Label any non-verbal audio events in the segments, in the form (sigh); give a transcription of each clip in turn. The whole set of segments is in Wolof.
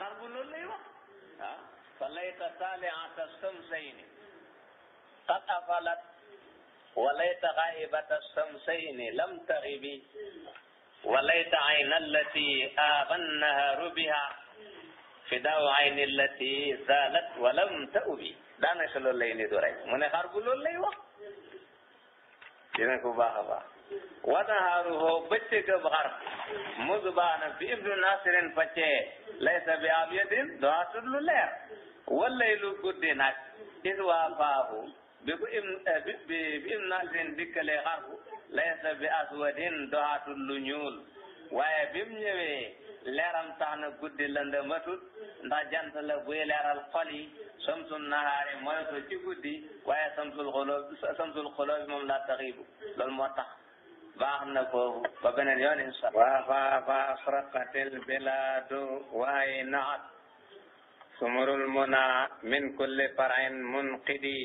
xar bu loolu lay wax ah fa layta saaliata samsayni qad afalat wa layta xaibata samsayni lam taxibi wa layta ayna allati aaba nnaharu biha fidaaw ayni allati zaalat wa lam taubi daanaka loolu lay nidu rek mu ne xar bu loolu lay wax dina ko baax a baax ونهاره بچك بغرب مزبانا في ابن ناصر بچه ليس بأبيض دعا تدل لير والليل قد نك إذ وافاه بإبن ناصر دكالي غرب ليس بأسود دعا تدل نيول waaye bi mu ñëwee leeram tax na guddi lëndëmatut ndax jant la buy leeral xol yi samsun nahaari mooy so ci guddi waaye samsul xoloo samsul xoloo bi moom laa taxiibu moo tax baax na foofu ba beneen yoon insa waafafa asraqatil biladu waaye naat sumurul muna min kulli farain munqidi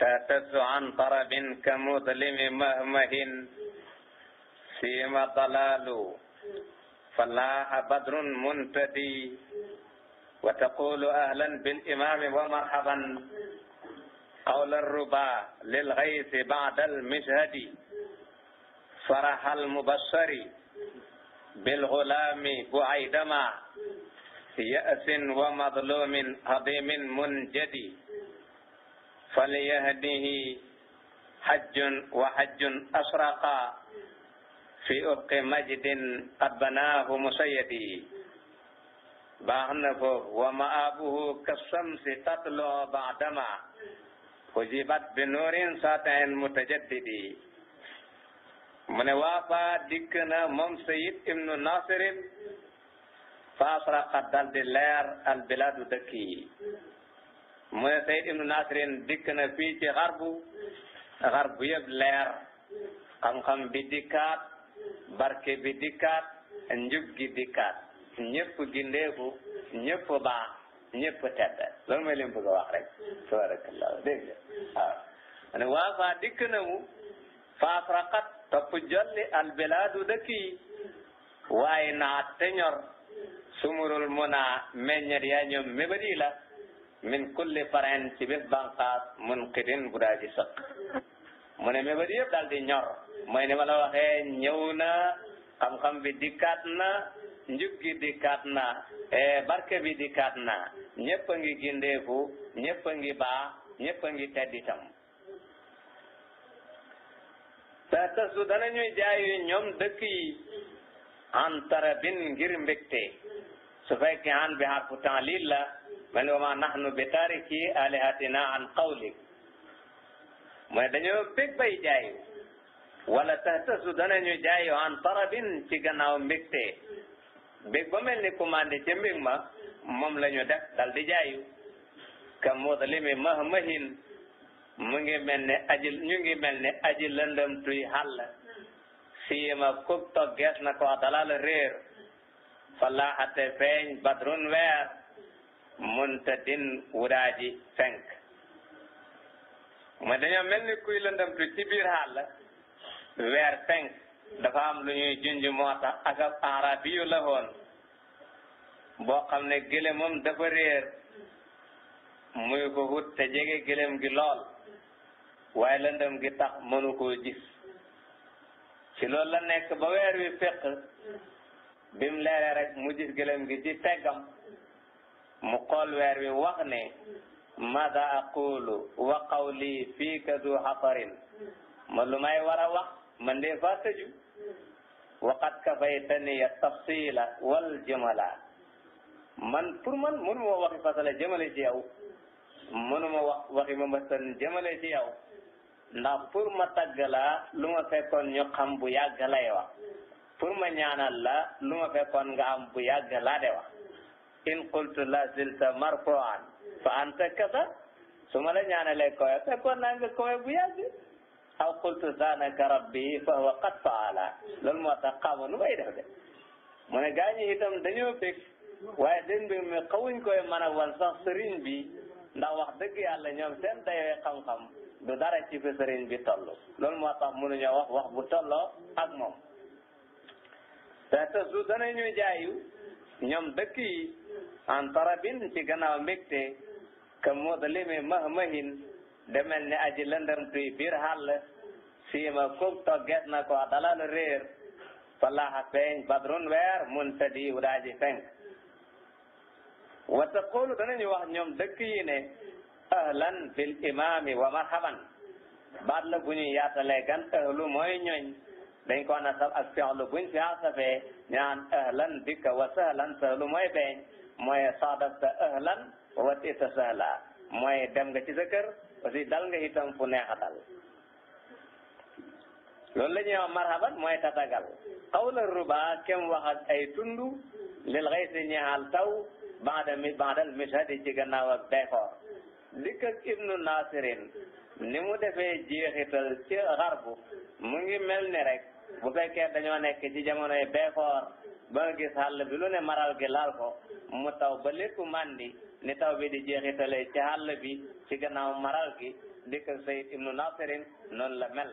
تعتز عن طرب كمظلم مهمه سيما ضلال فلاح بدر منتدي وتقول أهلا بالإمام ومرحبا قول الربا للغيث بعد المشهد farahal mubashari bil gulaami bu aydama ya'sin wa madlumin hadimin munjadi falyahdihi hajjun wa hajjun asraqa fi ufqi majdin qad banaahu musayyadi baax na foofu wa ma'aabuhu kasamsi tatlu ba'dama hujibat bi nuurin saatain mutajaddidi mu ne waa faa dikk na moom sayid ibnu nasirin faa faraqat dal di leer al biladu dëkk yi mu ne sayid ibnu nasirin dikk na fii ci xarbu xarbu yëpp leer xam-xam bi dikkaat barke bi dikkaat njub gi dikkaat ñëpp gindeeku ñëpp baax ñëpp tedd loolu mooy lim bëgg a wax rek tabarakallah dégg nga waaw mu ne waa faa dikk na mu faa faraqat topp jolli albilaadu dëkk yi waaye naat te ñor sumurul munaa meññet yaa ñoom mébadi la min kulli pareen ci bépp banqaas munqidin bu daa ji mu ne mébadi yëpp daal di ñor mooy ni ma la waxee ñëw na xam-xam bi dikkaat na njub gi dikkaat na eh, barke bi dikkaat na ñëpp a ngi gindeeku ñëpp a ngi baax ñëpp a ngi tedd itam te su dana ñuy jaayu ñoom dëkk yi an tarabin ngir mbégte su fekkee an bi harfu ta'lil la mel ni wa ma nahnu bi tariki alihatina an qawlik mooy dañoo bég bay jaayu wala tahtasu dana ñu jaayu an tarabin ci gannaaw mbégte bég mel ni commandé ca mbég ma moom la ñu def dal di jaayu ka muslimi mahmahin mu ngi mel ni aji ñu ngi mel ni aji lëndëm tuy xàll siima kub toggees na ko dalal réer falaxate feeñ badrun weer munta din wuraaji fenk mooy dañoo mel ni kuy lëndëm ci biir xàll weer fenk dafa am lu ñuy junj moo tax arabiyu la woon boo xam ne gëlëm moom dafa muy ko wut te jege gëlëm gi lool waaye lëndëm gi tax mënu koo gis ci loolu la nekk ba weer wi féq bim leeree rek mu gis gëlëm gi ci peggam mu xool weer wi wax ne mada aqulu wa qawli fiika du xatarin ma lu may war a wax man de fa tëju waqat kafaytani tafsila wal jëmala man pour man mënuma waxi fasale jëmale ci yow mënuma wax waxi ma mbasan jëmale ci yow ndax pour ma tagg la lu ma fekkoon ñu xam bu yàgg lay wax pour ma ñaanal la luma ma nga am bu yàgg laa de wax in qultu la zilta marfuan fa anta kasa su ma la ñaanalee kowe fekkoon naa nga kowe bu yàgg aw qultu zanaka rabbi fa huwa qad faala loolu moo tax xamu nu may def de mu ne gaa ñi itam dañoo bég waaye den mbir mi xawuñ koy mën wan sax sëriñ bi ndax wax dëgg yàlla ñoom seen dayoo xam-xam du dara ci fi sëriñ bi toll loolu moo tax mënuñoo wax wax bu tolloo ak moom te te su danañu jaayu ñoom dëkk yi en tarabin ci gannaaw mbégte ka moo da limee mahmahin demel ni aji lëndëm tuy biir xàll siima kub togget na ko dalalu réer falaxa feeñ badrun weer mun tadi wu daaji fenk wata koolu danañu wax ñoom dëkk yi ne ahlan fil imami wa marhaban baat la bu ñuy yaatalee gan ahlu mooy ñooñ dañ ko nasab ak fi'lu buñ fi asabee ñu naan ahlan bika wa sahlan sahlu mooy beeñ mooy saadafta ahlan wa watita sahla mooy dem nga ci sa kër aussi dal nga itam fu neex dal loolu la ñuy wax marhaban mooy tatagal qawla ruba kem wax ay tundu lil xëy si ñaal taw baada mi mishadi ci gannaaw ak beekoor dikk ak ibnu nasirin ni mu defee jeexital ci xarbu mu ngi mel ni rek bu fekkee dañoo nekk ci jamonoy beekoor ba nga gis xàll bi lu ne maral gi laal ko mu taw ba lépp màndi ni taw bi di jeexitalee ci xàll bi ci gannaaw maral gi dikk ak ibnu nasirin noonu la mel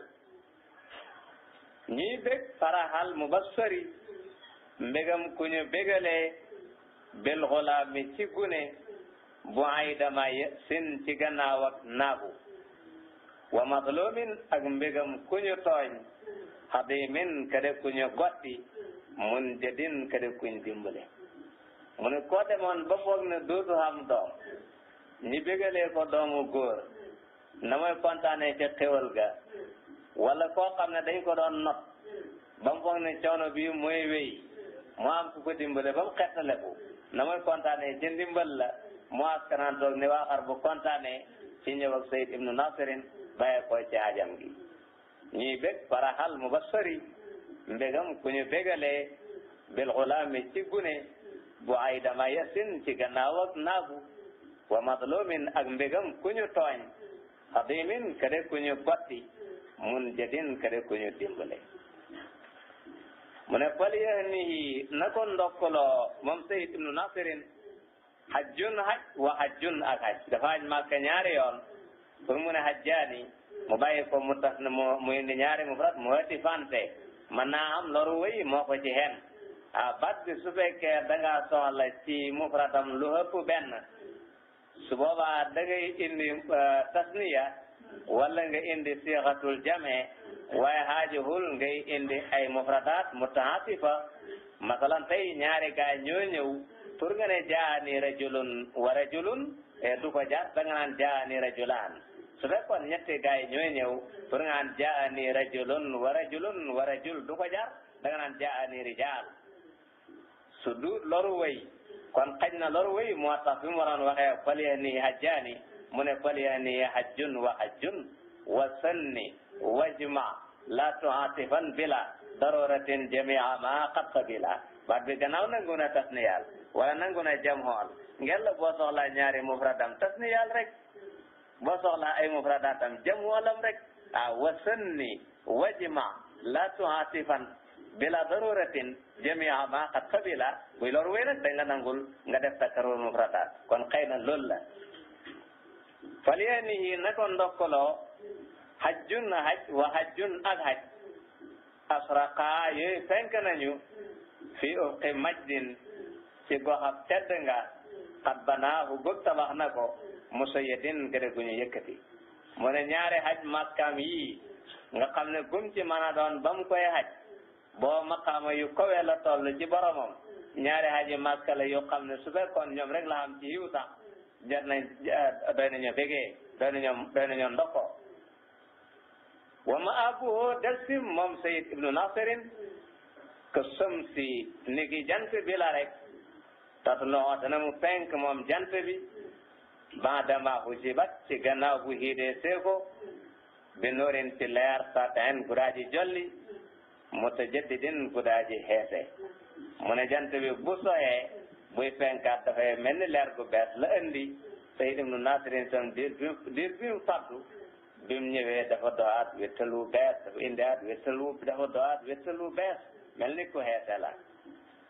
ñii bég faraxal mu ba sori mbégam ku ñu bégalee bil xulaami ci gune bu ay dama sin ci gannaaw ak naagu wa mazlumin ak mbégam ku ñu tooñ xadimin ka de ku ñu mun jadin ka de ku dimbale mu ne koo ba foog ne dootu am doom ñi bégalee ko doomu góor na muy kontaanee ca xéwal ga wala koo xam ne dañ ko doon not ba mu foog ne coono bii mooy wéy mu am ku ko dimbale ba mu xettale ko na muy kontaanee ca ndimbal la mu askanantoog ni waa xar bu kontaane ci ñëw ak Sayd Nasirin bàyyi ko ci ajam gi ñuy bég faraxal mu ba sori mbégam ku ñu bégalee bil xulaami ci gune bu ay dama yasin ci gannaaw ak naagu wa madlumin ak mbégam ku ñu tooñ xadimin kade ku ñu mun jadin kade ku ñu dimbale mu ne na ko ndokkaloo moom Sayd ibnu Nasirin hajjun haj wa hajjun ak haj dafa haj Makka ñaari yoon pour mu ne hajjaani mu bàyyi ko mu tas na mu mu indi ñaari mufrad mu ëtti fante man naa am loru wéy moo ko ci hen ah baat bi su fekkee da ngaa soxla ci mufradam lu ëpp benn su boobaa indi euh, tasniya wala nga indi siixatul jame waaye xaajihul ngay indi ay mufradaat mutaatifa masalan tey ñaari gaa ñoo ñëw pour nga ne jaani rajulun wa rajulun eh, du ko jaar da nga naan jaani rajulaan su fekkoon ñetti gaay ñooy ñëw pour nga naan jaani rajulun wa rajulun wa rajul du ko jaar da nga naan jaani rijaal su du way kon xaj na loru way moo tax fi mu waroon waxee falyani hajjaani mu ne falyani hajjun wa hajjun wa sanni wajma la tuatifan bila daruratin jamia ma qad qabila baat bi gannaaw nangu na tasniyal wala nangu na jam xool ngeen la boo soxlaa ñaari mufradam tasniyal rek boo soxlaa ay mufradatam jam xoolam rek ah wasanni wajma la tuhatifan bila daruratin jamia ma qad qabila buy lor wéy nga nangul nga def takarur mufradat kon xëy na loolu la faliyanihi na ko ndokkaloo hajjun haj wa haj asraqa yooyu fenk nañu fi ufqi majdin ci goxab tedd nga xat banaahu bëgg tabax na ko musayyadin gëre gu ñu yëkkati mu ne ñaari haj makkaam yii nga xam ne gum ci mën a doon ba koy haj boo maqaama yu kawe la toll ci boromam ñaari haji makka la yoo xam ne su ñoom rek la am ci yiw sax jot nañ doy nañu bégee doy nañu doy nañu ndokko wa ma abuhu del si moom sayid ibnu nasirin que som si ni ki jant bi rek tatluwa dana mu fenk moom jant bi baadama hujibat ci gannaaw bu hiidee seeko bi noorin ci leer satain gudaaji jolli mutajaddidin gudaaji heese mu ne jant bi bu soyee buy fenkaat dafay mel ni leer gu bees la andi sayid ibnu nasirin sam diir bi diir bi mu faddu bi mu ñëwee dafa doxaat wéttalu bees dafa indiaat wéttalu dafa doxaat wéttalu bees mel ni ku heese la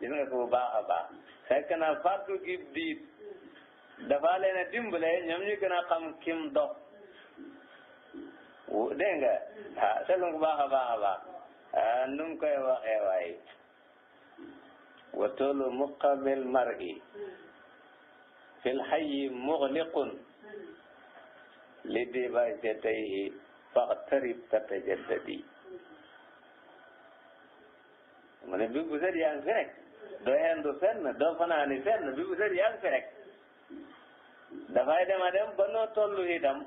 gis nga ko bu baax a na fàttu gi diit dafa leen a kim dox dégg nga ah seetlu nga ko baax a baax a baax ah nu mu koy waxee waaye wa toolu muqabil mar'i fil hayyi mughliqun li dibajatayhi faxtarib tatajaddadi mu ne bi bu set yaa ngi fi doo hendu fenn doo fanaani fenn bi bu set yaa ngi fi ba noo tollu itam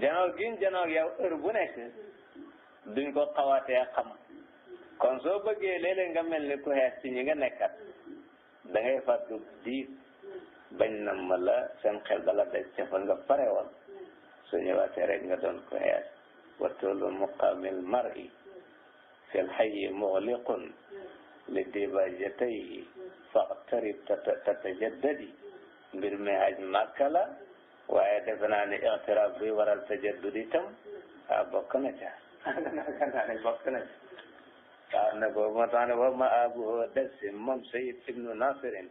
janoo giñ janoo yow heure bu nekk duñ ko xawatee xam kon soo bëggee léeg-léeg nga mel ni ku xees ci ñi nga nekkat da ngay fàttu diit bañ na ma la xel bala daj ca fa nga pare woon su ñëwaatee nga doon ku xees wa toolu muqaamil mar'i fil hayyi mughliqun li dibaajatayhi faxtarib tatajaddadi mbir mi haj Makka la waaye defe naa ne ixtiraab bi waral tajaddud itam ah bokk na ca bokk na ca waaw ne boobu moo tax ne wa ma'aabuhu dasim moom Sayyid ibnu Nasirin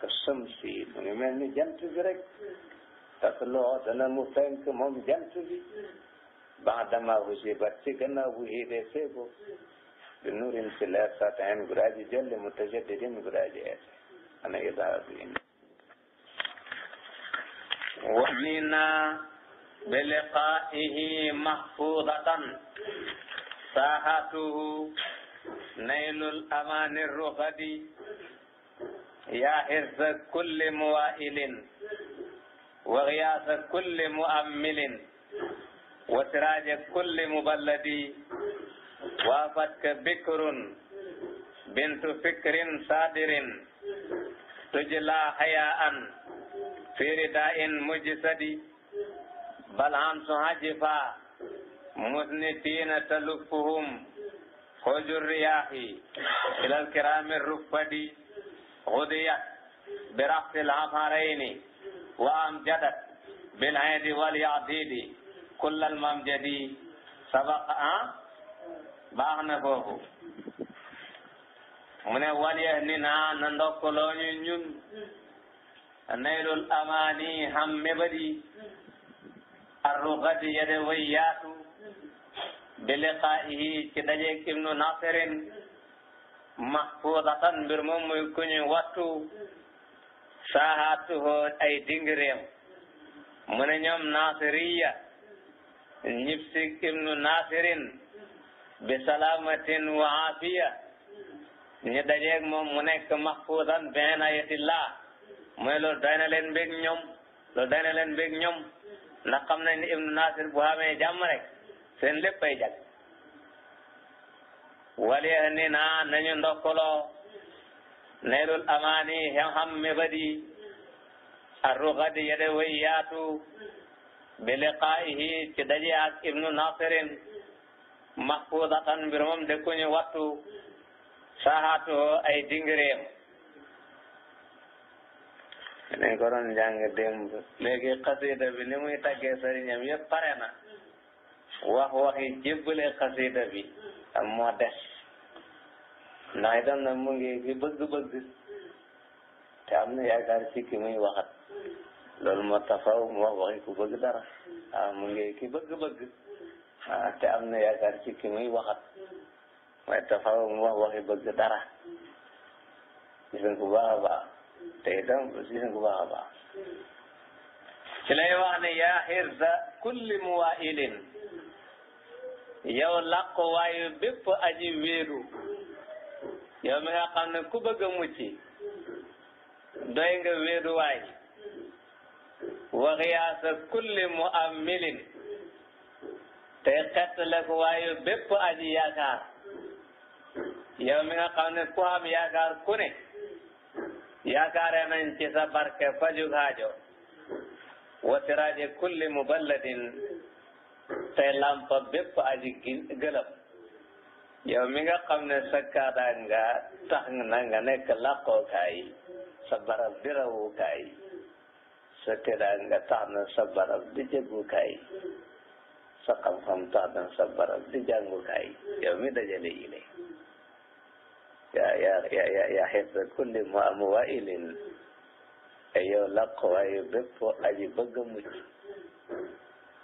ka samsi mu ngi mel ni jant bi rek tatloo dana mu fenk moom jant bi ba'da maa hujibat ci gannaaw bu hiilee seebo bi nurin ci leer satin guraaji jolli mutajaddidin guraaji eese ana idaatu in wax ni naa bi liqaa'ihi mahfuudatan saahatuhu naylul amaani ruxadi yaa hirsa kulli muwaa'ilin wa giyaasa kulli mu'ammilin wa siraaja kulli muballadi waafatka bikrun bintu fikrin sadirin tujla hayaan fi ridain mujsadi bal hamsu hajifa musnitina taluffuhum hojur riyahi ilal kirami ruffadi hudiyat birahti lafaraini wa amjadat bil haydi wal yadidi kullal mamjadi sabaqa ah? baax na foofu mu ne waliyah ni naa na ndokkaloo ñu ñun naylul amaani ham mebadi arrugati yede way yaatu bi liqaa'ihi ci dajeeg ibnu nasirin mahfudatan mbir moom muy ku ñu wattu saahaatuhu ay dingireem mu ne ñoom nasiriya ñibsig ibnu nasirin bi salamatin wa ñu dajeeg moom mu nekk mahfuuzan bi inaayatillah mooy loolu doy na leen mbég ñoom loolu doy na ñoom ndax xam nañ ni ibnu nasir rek seen léppay jag waliya naa nañu ndokkoloo neelul amaani xam-xam mébadi arruxadi yede way bi liqaa'ihi ci daje ak ibnu mahfudatan mbir moom de ku ñu wattu saxaatu ay dingireem dañ ko doon jàng démb léegi xasida bi ni muy taggee sëriñam yëpp pare na wax waxi jébbale xasida bi am moo des ndax itam nag mu ngi fi bëgg-bëgg am na yaakaar ci ki muy waxat loolu moo mu wax waxi ku bëgg dara ah mu ngi ah te am na yaakaar ci ki muy waxat mooy dafa mu wax waxi bëgg dara gis nga bu baax a baax te itam gis nga bu baax a baax ci lay wax ne yaa xirsa kulli muwailin yow làqu waayu bépp aji wéeru yow mi nga xam ne ku bëgg a mucc doy nga wéeru waay waxiyaasa kulli muammilin tey xett la ko waaye bépp aji yaakaar yow mi nga xam ne ku am yaakaar ku ne yaakaare nañ ci sa barke fajug haajo wa siraaje kulli muballadin tey lampa bépp aji gëlëm yow mi nga xam ne sa kaadaa nga tax na nga nekk làqookaay sa barab di rawukaay sa tëdaa nga tax sa barab di jëggukaay sa xam-xam taadan sa baral si jàngukaay yow mi dajale ile yaa yaa yaa yaa xifda kulli muwailin e yow làq waayu bépp aji bëgg a mucc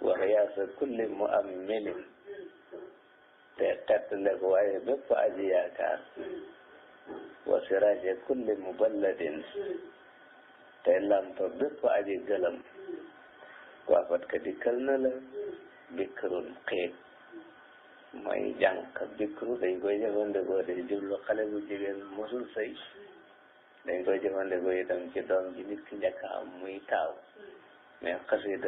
wax yaa sa kulli mu am melin te xett ndek waayu bépp aji yaakaar wa siraaje kulli mu balladin te lampa bépp aji gëlëm waafat ka dikkal na la bikkirul xiig mooy jànq bikkiru dañ koy jëfandikoo day jublu xale bu jigéen mosul sëy dañ koy jëfandikoo itam ci doom ji nit ki njëkk muy taaw mais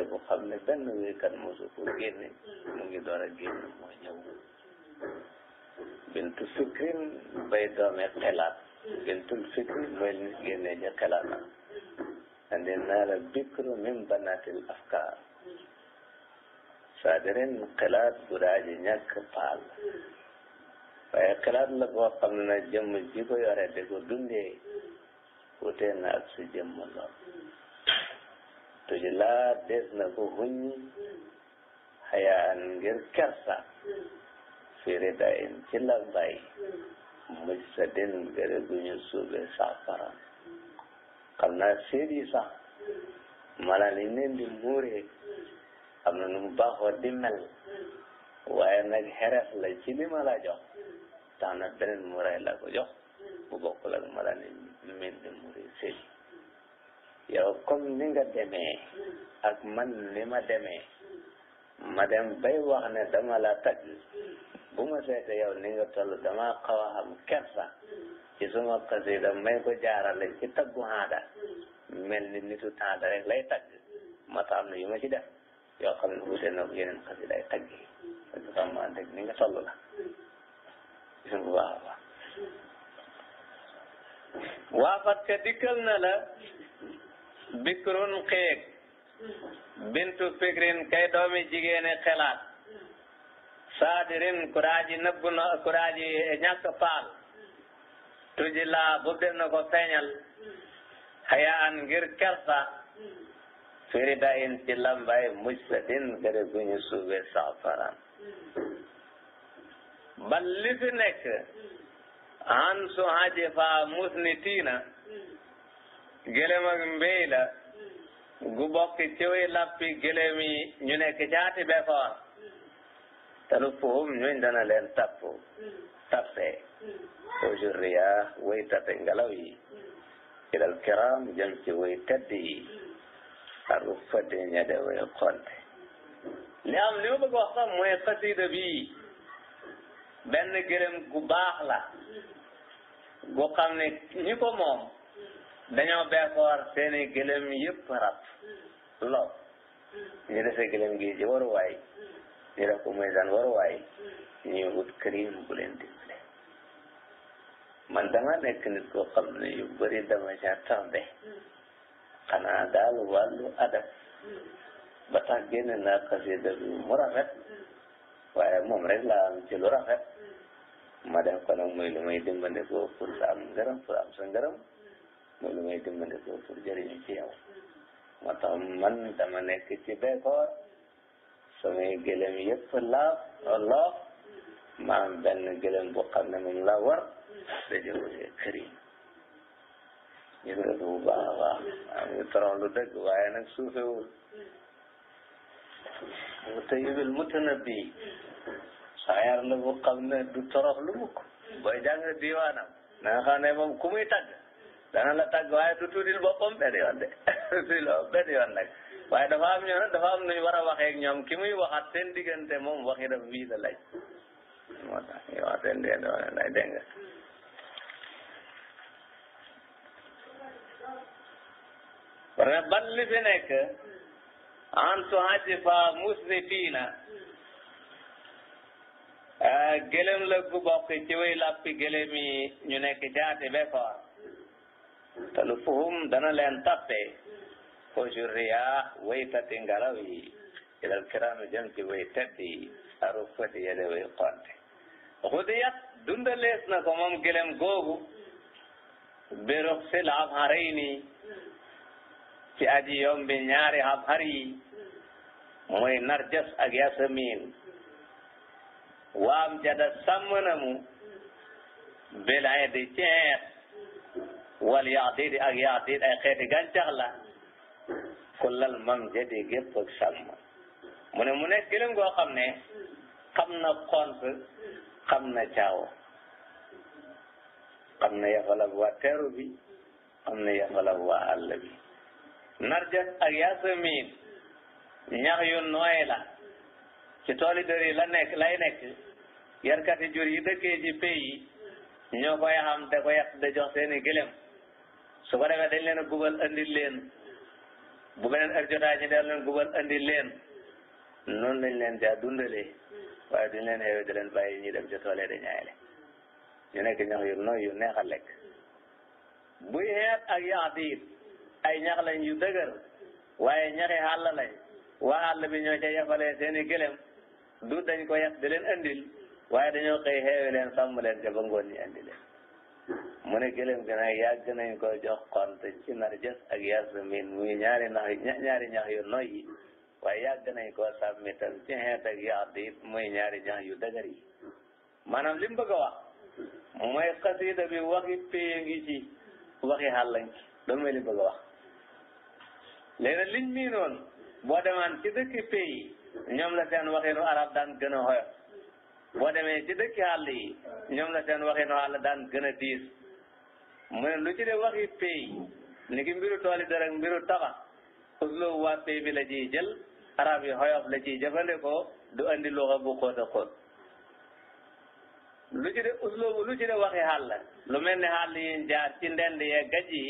bu xam ne benn wéykat mosu ko génne mu ngi door a génn moo ñëw bintu fikrin bay doomee xelaat bintul fikrin mooy nit génne ca xelaatam andi naa la bikkiru min banaatil afkaar saadirin xilaat gudaaji ñàkk paal waaye xilaat la boo xam ne nag jëmm ji ko yore di dunde dundee wutee na ak su jëmm lool tuji laa des na ko huññi xayaan ngir kersa firi dayin ci la bay muj sa din gëre guñu suube sax faram xam naa séet yi sax mala li neen xam na nu mu baaxoo di mel waaye nag xereef la ci li ma jox tax na beneen mu ray la ko jox bu bokkul ak ma la ne min di mu ray sëli yow comme ni nga demee ak man ni ma demee ma dem bay wax ne dama la tagg bu ma seete yow ni nga toll dama xawa a xam kersa ci suma xasida may ko jaarale ci taggu handa mel ni nitu temps rek lay tagg ma taam na yu ma ci def yoo xam ne wuute na yeneen xasida ay tagg yi parce que ma dégg ni nga toll la gis nga bu baax a baax waafat ka dikkal na la bikrun xeeg bintu fikrin kay doomi jigéene xelaat saadirin kuraaji nëbbu na kuraaji ñàkk faal tuji laa bu def na ko feeñal xayaan ngir kersa firida in ci lambay mujsadin gëre gu ñu suube saafaran bal li nekk an su haje fa musnitiina gëlëm ak mbéy la gu bokk ci way lappi gëlëm yi ñu nekk caati bekoor talupuhum ñuñ dana leen tapp tappe ujurriya way tappe ngelaw yi ilal kiram jëm ci way tedd yi tasarruf fa de ña de way xonte li am li ma bëgg wax sax mooy xasida bi benn gërëm gu baax la gu xam ne ñi ko moom dañoo bekkoor seeni gëlëm yëpp rab lool ñu dese gëlëm gi ci waruwaay ñu def ko muy daan waruwaay ñuy wut kërim bu leen dimbale man dama nekk nit koo xam ne yu bëri dama ca xanaa daal wàllu adab ba tax naa xasida bi mu rafet waaye moom rek laa am ci lu rafet ma def ko na muy lu may dimbandikoo pour sa am ngërëm pour am sa ngërëm muy lu may dimbandikoo pour ci yow moo tax man dama nekk ci bekkoor samay gëlëm yëpp laaf loof ma benn gëlëm bu xam ne moom laa war da jëwlee këriñ yëngatu bu baax a baax am ngi torox lu dëgg waaye nag suufewul mu tayibil mutanabbi saayar la bu xam ne du torox lu mukk booy jàng diwaanam na nga ne moom ku muy tagg dana la tagg waaye du tuutil boppam benn yoon de filo (laughs) benn yoon nag waaye dafa am ñoo nag dafa am nuñ war a waxee ak ñoom ki diggante moom waxi daf wii la laaj moo tax ñu wax seen diggante wax ne lay parce que ban li fi nekk en tuhadifa musrifina ah, gëlëm la gu bokk ci way lappi gëlëm yi ñu nekk jaati be koor te lu fuhum dana leen tappe ko juriya way tati ngalaw yi ilal kiraami jëm ci way teddi aru fëti yele way konte xudiyat dundalees na ko moom gëlëm googu berok sil ab harayni ci aji yombi ñaari xar yi muy narjas ak yasamin waam jada sàmm na mu bilaay di ceeb wal yaadiid ak yaadiid ay xeeti gàncax la kullal mam jadi gépp ak sàmm mu ne mu nekk gëlëm goo xam ne xam na xont xam na caawo xam na yafalab waa teeru bi xam na yafalab waa àll bi narjas ak yasamiin ñax yu nooy la ci tooli dër yi la nekk lay nekk yarkati jur yi dëkkee ci pay yi ñoo koy xam da ko yàq da jox seeni gëlëm su ko defee dañ leen a gubal andi leen bu beneen ak jotaay ñu daal leen gubal andi leen noonu lañ leen daa dundalee waaye duñ leen xewe di leen bàyyi ñi dem ci toolee di ñaayale ñu nekk ñax yu nooy yu neex a lekk buy xeet ak yax diit ay ñax lañ yu dëgër waaye ñaxi xàll lañ waa xàll bi ñoo ca yafalee seeni gëlëm du dañ ko yàq di leen andil waaye dañoo xëy xeewi leen sàmm leen ca ba ngoon ñi andi leen mu ne gëlëm gi nag yàgg nañ ko jox xont ci narjas ak yasmin muy ñaari nax ñaari ñax yu noy yi waaye yàgg nañ ko sàmmi tam ci xeet ak yaad it muy ñaari ñax yu dëgër yi maanaam li mu bëgg a wax mooy xasida bi waxi péye ngi ci waxi xàll ngi loolu mooy li mu bëgg a wax nee na liñ miinoon boo demaan ci dëkki pays ñoom la seen waxinu arab daan gën a xoyof boo demee ci dëkki àll yi ñoom la seen waxinu àll daan gën a diis mu ne lu ci de waxi pays ni ki mbiru tooli dara mbiru tabax usloobu waa pays bi la ciy jël arab yi xoyof la ciy jëfandikoo du andi luxa bu xóot a lu ci de usloobu lu ci de waxi àll lu mel ni àll yi jaar ci ndend yee gaj yi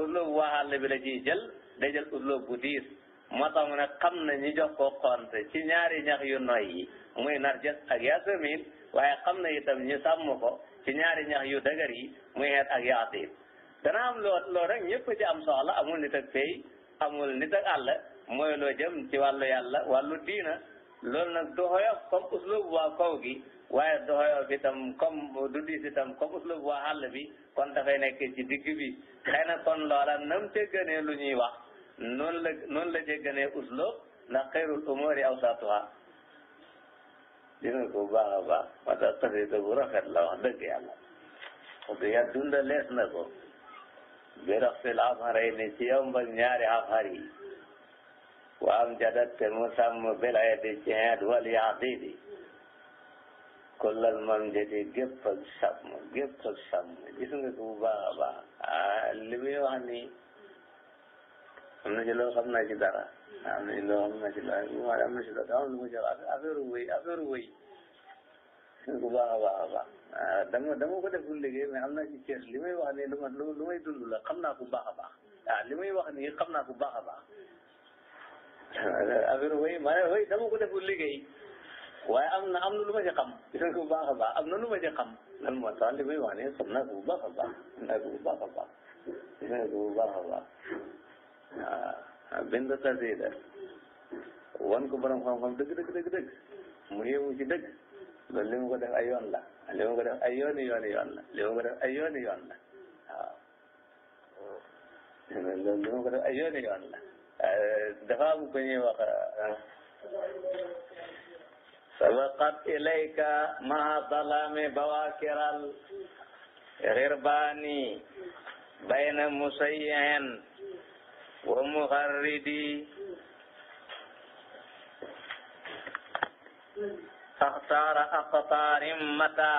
usloobu waa àll bi la ciy jël day jël usloob bu diis moo tax xam na ñi jox ko xonte ci ñaari ñax yu noy yi muy narjas ak yasamin waaye xam na itam ñu sàmm ko ci ñaari ñax yu dëgër yi muy xeet ak yaatin dana am loo loo rek ñëpp ci am soxla amul nit ak pay amul nit ak àll mooy loo jëm ci wàllu yàlla wàllu diina lool nag doxoyof comme usloob waa kaw gi waaye doxoyof itam comme du diis itam comme usloob waa àll bi kon dafay nekk ci digg bi xëy na kon loola nam ca lu ñuy wax noonu la noonu la jégganee usloob ndax xayrul umuri awsatuha dina ko baax a baax ma tax xasida bu rafet la wax dëgg yàlla oto ya dunda lees na ko bi raxsil afharay ni ci yombal ñaari afhar yi wa am jadat te mu sàmm belaya di ci xeet wal yaadidi kullal mam jadi gépp ak sàmm gépp ak sàmm gis nga ko bu baax a baax ah, li muy wax nii am na ci loo xam naa ci dara am na ci loo xam naa ci dara am na ci loo xam ne affaire wëy affaire wëy bu baax a baax a baax ah, dama dama ko def bu liggéey mais am na ci ceeb li may wax nii lu ma lu may dund la xam naa ko baax a baax ah li may wax nii xam naa ko baax a baax ah, affaire wëy maanaam wëy dama ko def bu liggéey waaye am na am na lu ma ci xam bu baax a baax am na lu ma ci xam lan moo tax li may wax nii xam naa ko bu baax a baax xam naa ko bu baax a baax xam naa ko bu baax a baax Ah, bind xasida wan ko borom xam-xam dëgg dëgg dëgg dëgg mu yéemu ci dëgg loolu li mu ko def ay yoon la li mu ko def ay yooni yooni yoon la li mu ko def ay yooni yoon la waaw loolu li mu ko def ay yooni yoon la eh, dafa am ku ñuy wax ah. sabaqat ilayka maa dalami bawakiral xirbaani bayna musayen wa muxarridi axtaara aqtaarin mata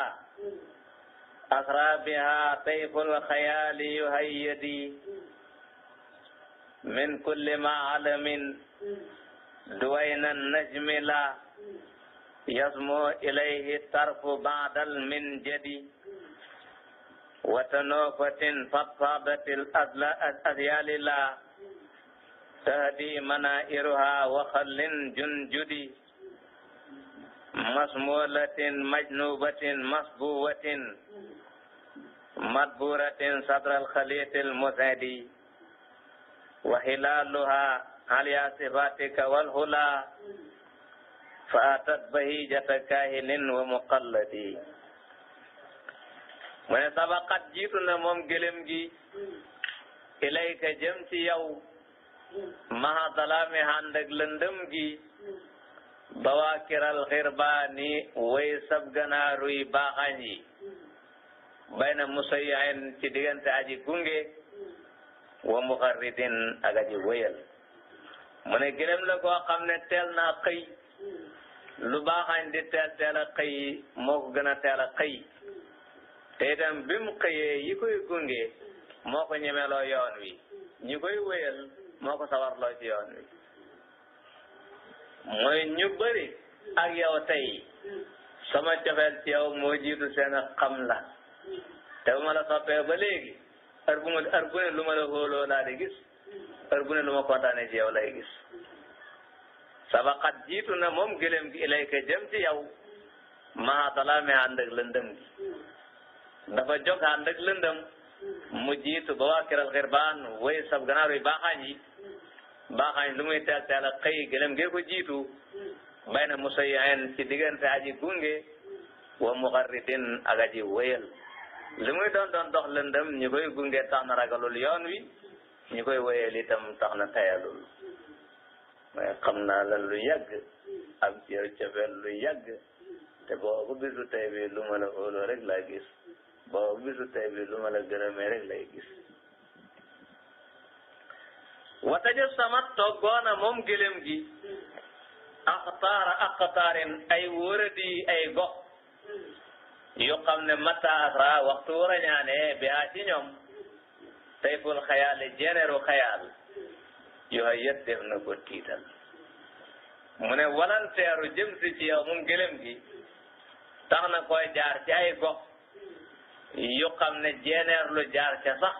asra biha tayful xayaali yuhayyadi min kulli maalamin duwayna najmi la yasmo ilayhi tarfu baadal min jadi wa tanofatin fatfadatil adyali la tahdi manairuha wa khallin junjudi masmulatin majnubatin masbuwatin madburatin sadral khaliyatil musadi wa hilaluha aliya sifatika wal hula fa atat bahijata kahinin wa muqalladi mu ne sabaqat jiitu na moom gëlëm gi ilayka jëm ci yow maha dalaami ànd ak lëndëm gi bawaakiral xirbaani way sab ganaaru yi baaxañ yi bayna musayayin ci diggante aji gunge wa muxarridin ak aji wéyal mu ne gëlëm la koo xam ne teel naa xëy lu baaxañ di teel teel a xëy moo gën a teel a xëy te itam bi mu xëyee yi koy gunge moo ko ñemeloo yoon wi ñi koy wéyal moo ko sawar loo ci yoon wi mooy ñu bëri ak yow tey sama cofeel ci yow moo jiitu seen xam la te bu ma la soppee ba léegi heure bu ma heure bu ne lu ma la hóoloo laa di gis heure bu ne lu ma kontaanee ci yow lay gis sabaqat jiitu na moom gëlëm gi ilayka jëm ci yow maa talaamee ànd ak lëndëm gi dafa jóg ànd ak lëndëm mu jiitu ba waa Kiral Xirbaan way sab ganaar yi baaxaañ yi baaxaañ lu muy teel teel a xëy gëlëm gee ko jiitu bay na musayyaan ci diggante aji gunge wa muxarridin ak aji wéyal li muy doon doon dox lëndëm ñu koy gunge tax na ragalul yoon wi ñu koy wéyal itam tax na tayalul mais xam naa la lu yàgg am ci yow lu yàgg te boo ko bisu tey bi lu ma la óoloo rek laa gis boo bisu tey bi lu ma la gërëmee rek lay gis wataja sama toggoona moom gëlëm gi axtaara axtaarin ay wëradi ay gox yu xam ne mataasa waxtu warañaane bi haa ci ñoom tayful xayaali jeneeru xayaal yoo yet def na ko tiital mu ne walanteeru jëm si ci yow moom gëlëm gi tax na koy jaar ci ay gox yu xam ne jeeneer lu jaar ca sax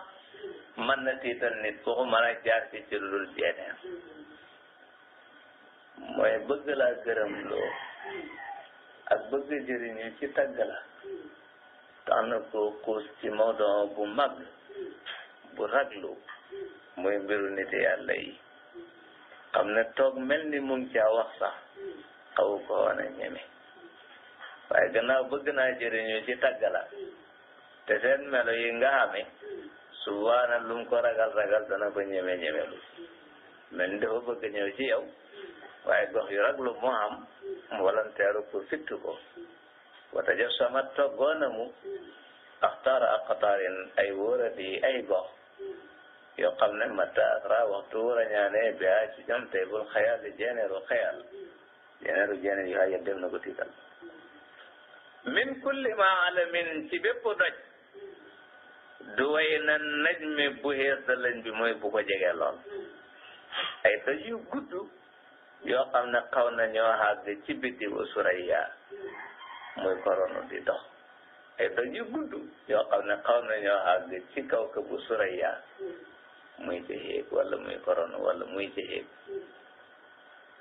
mën na tiital nit kooku mën a jaar ci ci lu dul jeeneer mooy bëgg laa gërëm loo ak bëgg jëriñu ci tagg la tax na koo kuus ci mawdon bu mag bu raglu muy mbiru nit yàlla yi xam ne toog mel ni mu ca wax sax xaw ko woon ñeme waaye gannaaw bëgg naa jëriñu ci tagg la te seen melo yi nga xame subaana ko ragal ragal dana ko ñeme ñeme lu mel ni dafa bëgg ñëw ci yow waaye gox yu raglu mu am mu walanteeru pour fitt ko wata jof sama toggoona mu axtaara aqtaarin ay wóoradi ay gox yoo xam ne mata asra waxtu wóor a bi aa ci ñoom tey bul xayal di jeeneeru xayal jeeneeru jeeneer yu haya dem na ko tiital min kulli ma alamin ci bépp doj du way na naj mi bu xees dalañ bi mooy bu ko jege lool ay doj yu gudd yoo xam ne xaw na ñoo xàgg ci biti wa suraya muy koronu di dox ay doj yu gudd yoo xam ne xaw na ñoo xàgg ci kaw ka bu muy ci xéeg wala muy koronu wala muy ci xéeg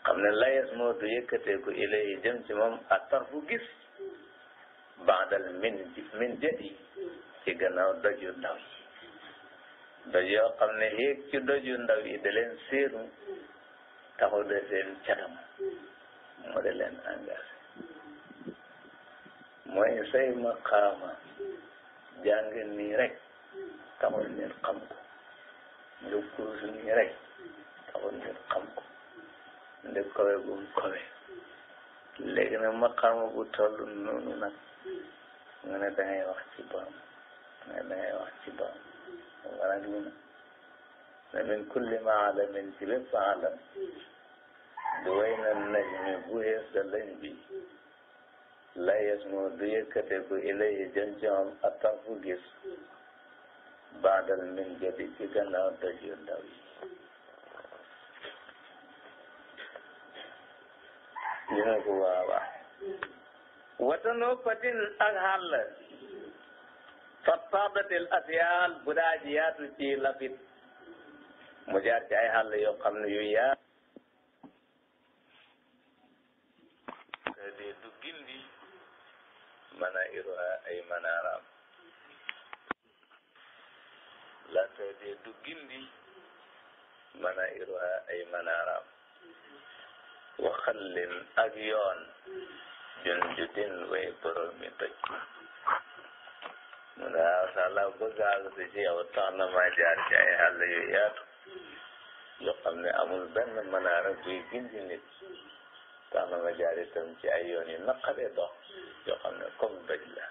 xam ne layes moo du yëkkateeku ilay jëm ci moom a tarfu gis bandal min min jët yi ci gannaaw doj yu ndaw yi doj yoo xam ne yéeg ci doj yu ndaw yi da leen séenu taxu da seen mu da leen mooy say maqaama jàng nii rek taxul nit xam ko nga kuus nii rek taxul nit ko nde kowe gum kowe léegi nag maqaama bu toll noonu nag nga ne dangay wax ci borom ne la ngay wax ci doom wala ñu ne min kulli ma alamin ci bépp alam du way na naj mi bu yees da lañ bi la yees moo du yëkkate ko ilay jëm ci moom attar fu gis baadal min jadi ci gannaaw doj yu ndaw yi ñu ne ko waawaa watanoo patin ak xàll fattabatil asyaal bu daa ji ci lapit mu jaar ci ay xàll yoo xam ne yu du gindi mana iruha ay manaaraam la kadi du gindi mana iruha ay manaaraam waxallin ak yoon junjutin way boromi toj mu ne ah Salla bëgg a àgg na ma jaar ci ay xàll yu yaatu yoo xam ne amul benn mënaara buy gindi nit tax ma jaar itam ci ay yoon yu naqaree dox yoo xam ne kom doj la